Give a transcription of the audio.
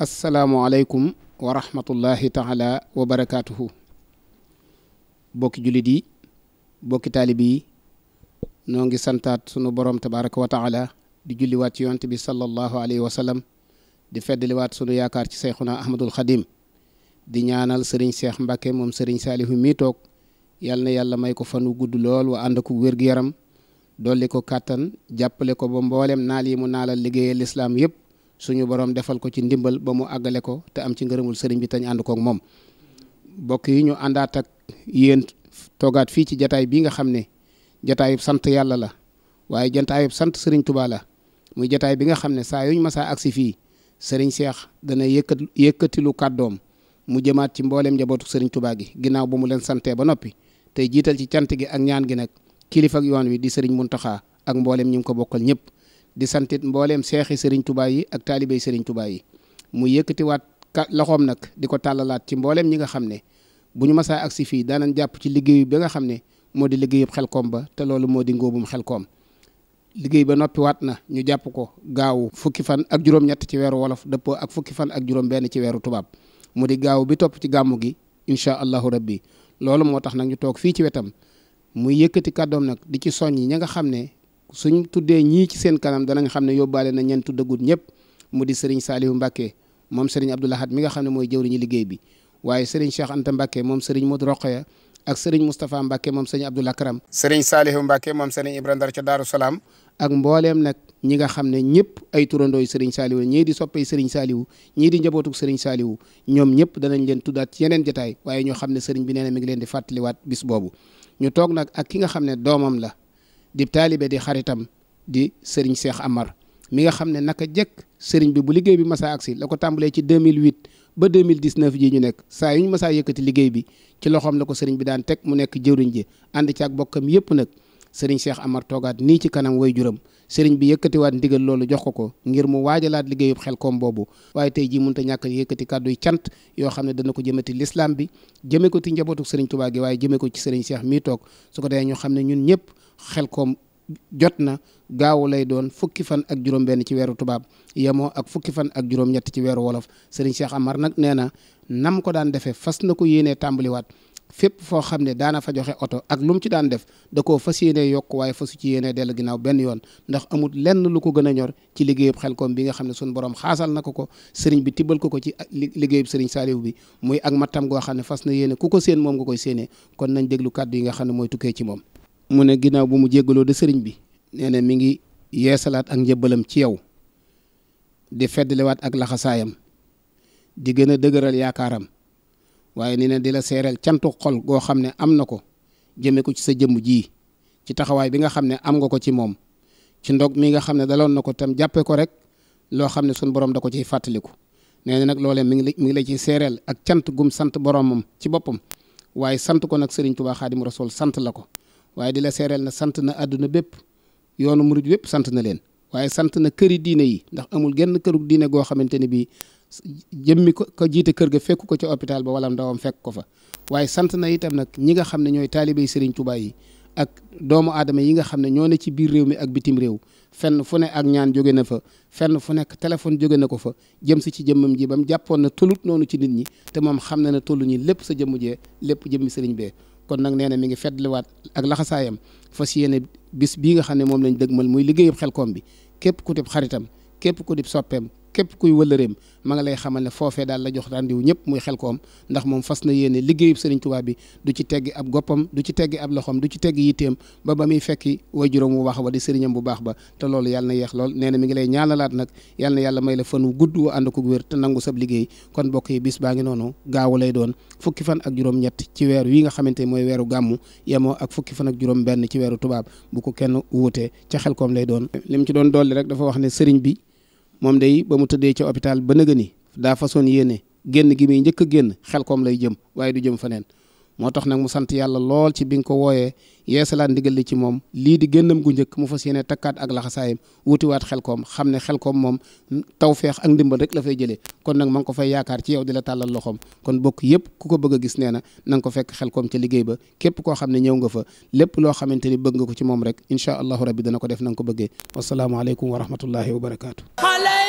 asalaamualeykum wa rahmatullahi taala wa barakaatuhu bokki jullit yi bokki taalib yi noo ngi santaat sunu borom tabaraka wa taala di julliwaat ci yonte bi sallallahu alayhi wa sallam di feddaliwaat sunu yaakaar ci seyxuna ahmadul xadim di ñaanal sëriñ seex mbàkke moom sëriñ saalihu mii toog yal na yàlla may ko fanu gudd lool wa ànd ko wér-gu-yaram dolli ko kàttan jàppale ko ba mboolem naal yi mu naalal liggéey lislaam yëpp suñu borom defal ko ci ndimbal ba mu àggale ko te am ci ngërëmul sëriñ bi tañ ànd kook moom mbokk yi ñu àndaatak ak yéen toogaat fii ci jataay bii nga xam ne jataayub sant yàlla la waaye jataayub sant sëriñ tubaa la muy jataay bi nga xam ne saa yuñ masaa agsi fii sëriñ Cheikh dana yëkkat yëkkati lu kàddoom mu jëmaat ci mbooleem njabootu sëriñ tubaa gi ginnaaw ba mu leen santee ba noppi te jiital ci cant gi ak ñaan gi nag kilifa yoon wi di sëriñ Muntaxa ak mboolem ñu ngi ko bokkal ñëpp di santit mbooleem seexi sëriñ tubaa yi ak taalibey sëriñ tubaa yi mu yëkkatiwaat ka loxoom nag di ko tàllalaat ci mbooleem ñi nga xam ne bu ñu masaa agsi fii daanañ jàpp ci liggéeyu ba nga xam ne moo di liggéeyub xelkoom ba te loolu moo di xel xelkoom liggéey ba noppiwaat na ñu jàpp ko gaawu fukki fan ak juróom-ñett ci weeru wolof dëppoo ak fukki fan ak juróom benn ci weeru tubaab mu di gaaw bi topp ci gàmmu gi incha allahu rabbi loolu moo tax nag ñu toog fii ci wetam muy yëkkati kàddoom nag di ci soññ ñi nga xam ne suñ tuddee ñii ci seen kanam danañ xam ne yóbbaale na ñeen tuddagut ñëpp mu di sëriñ Saalihu Mbàkke moom sëriñ Abdou Lahad mi nga xam ne mooy jëwriñu liggéey bi waaye sëriñ Cheikh Anta Mbàkke moom sëriñ Modou Rokhaya ak sëriñ Moustapha Mbàkke moom sëriñ Abdou Lakram sëriñ Saalihu Mbàkke moom sëriñ Ibra Ndar ca Daaru Salaam ak mbooleem nag ñi nga xam ne ñëpp ay turandooy sëriñ Saalihu ñii di soppey sëriñ Saalihu ñii di njabootuk sëriñ Saalihu ñoom ñëpp danañ leen tuddaat ci yeneen jataay waaye ñoo xam ne sëriñ bi nee na mi ngi leen di fàttaliwaat bis boobu ñu toog nag ak ki nga xam ne doomam la di taalibe di xaritam di sëriñ Cheikh Amar mi nga xam ne naka jekk sëriñ bi bu liggéey bi masa agsi la ko tàmbalee ci 2008 ba 2019 ji ñu nekk saa yu ñu masaa yëkkati liggéey bi ci loxoom la ko sëriñ bi daan teg mu nekk jëwriñ ji ànd ci ak bokkam yëpp nag sëriñ Cheikh Amar toogaat nii ci kanam way juram sëriñ bi yëkkatiwaat ndigal loolu jox ko ko ngir mu waajalaat liggéeyub xel koom boobu waaye tey jii mënta ñàkk yëkkati kàdduy cant yoo xam ne dana ko jëmati lislaam bi jëme ko ci njabootu sëriñ Tuubaa gi waaye jëme ko ci sëriñ Cheikh mii toog su ko dee ñu xam ne ñun ñëpp xel koom jot na gaawu lay doon fukki fan ak juróom benn ci weeru tubaab yemoo ak fukki fan ak juróom ñett ci weeru wolof sëriñ Cheikh Amar nag nee na nam ko daan defee fas na ko yéenee tàmbaliwaat fépp foo xam ne daana fa joxe oto ak lu mu ci daan def da koo fas yéene yokk waaye fasu ci yéene dell ginnaaw benn yoon ndax amul lenn lu ko gën a ñor ci xel koom bi nga xam ne suñu borom xaasal na ko ko sëriñ bi tibbal ko ko ci liggéeyub sëriñ Saliou bi muy ak mattam goo xam ne fas na yéene ku ko séen moom nga koy séenee kon nañ déglu kàddu yi nga xam ne mooy tukkee ci moom mu ne ginnaaw bu mu jéggaloo de sëriñ bi nee na mi ngi yeesalaat ak njëbbalam ci yow di feddliwaat ak laxasaayam di gën a dëgëral yaakaaram waaye nii na di la seereel cantu xol goo xam ne am na ko jëme ko ci sa jëmm ji ci taxawaay bi nga xam ne am nga ko ci moom ci ndog mii nga xam ne daloon na ko tam jàppe ko rek loo xam ne suñ borom da ko ciy fàttaliku nee na nag loolee mi ngi la mi ngi la ciy seereel ak cant gum sant boromam ci boppam waaye sant ko nag Serigne Touba Khadim Rasoul sant la ko waaye di la seereel na sant na àdduna bépp yoonu murid wépp sant na leen waaye sant na këri diine yi ndax amul genn këru goo xamante ni bii jëmmi ko ko jiite kër ga fekk ko ci hôpital ba wala ndawam fekk ko fa waaye sant na itam nag ñi nga xam ne ñooy taalibey Serigne Touba yi ak doomu aadama yi nga xam ne ñoo ne ci biir réew mi ak bitim réew fenn fu ne ak ñaan jóge na fa fenn fu nekk téléphone jóge na ko fa jëm si ci jëmmam ji ba mu jàppoon na tolut noonu ci nit ñi te moom xam na ne tollu ñi lépp sa jëmm jee lépp jëmm Serigne bee kon nag nee na mi ngi fetliwaat ak laxasaayam fas yéene bis bii nga xam ne moom lañ dëgmal muy liggéeyub Xelcom bi képp ku dib xaritam képp ku dib soppeem képp kuy wëllëreem ma ngi lay xamal ne foofee daal la jox rendez-vous ñëpp muy xel koom ndax moom fas na yéene liggéeyub sëriñ Tuubaa bi du ci teggi ab goppam du ci teggi ab loxoom du ci tegg yitteem ba ba muy fekki way juróom bu baax ba di sëriñam bu baax ba te loolu yàlla na yeex lool nee na mi ngi lay ñaanalaat nag yàlla na yàlla may la fan wu gudd wu ànd ko wér te nangu sab liggéey kon bokk yi bis baa ngi noonu gaawu lay doon fukki fan ak juróom ñett ci weer wi nga xamante mooy weeru gàmmu yemoo ak fukki fan ak juróom ci weeru tubaab bu ko kenn wuute ca xel koom lay doon lim ci doon dolli rek dafa wax ne sëriñ bi moom day ba mu tëddee ca hôpital ba nëga ni daa façon yéene génn gi muy njëkk a génn xel koom lay jëm waaye du jëm feneen moo tax nag mu sant yàlla lool ci bi nga ko wooyee yeesalaat ndigal li ci moom lii di génnam gu njëkk mu fa yéene takkaat ak laxasaayam wutiwaat xel koom xam ne xel koom moom tawfeex ak ndimbal rek la fay jëlee kon nag ma ngi ko fay yaakaar ci yow di la tàllal loxoom kon bokk yëpp ku ko bëgg gis nee na nang ko fekk xel koom ca liggéey ba képp koo xam ne ñëw nga fa lépp loo xamante ni bëgg nga ko ci moom rek incha allahu rabbi dana ko def na ko bëggee wasalaamualeykum wa rahmatullahi wa barakaatu.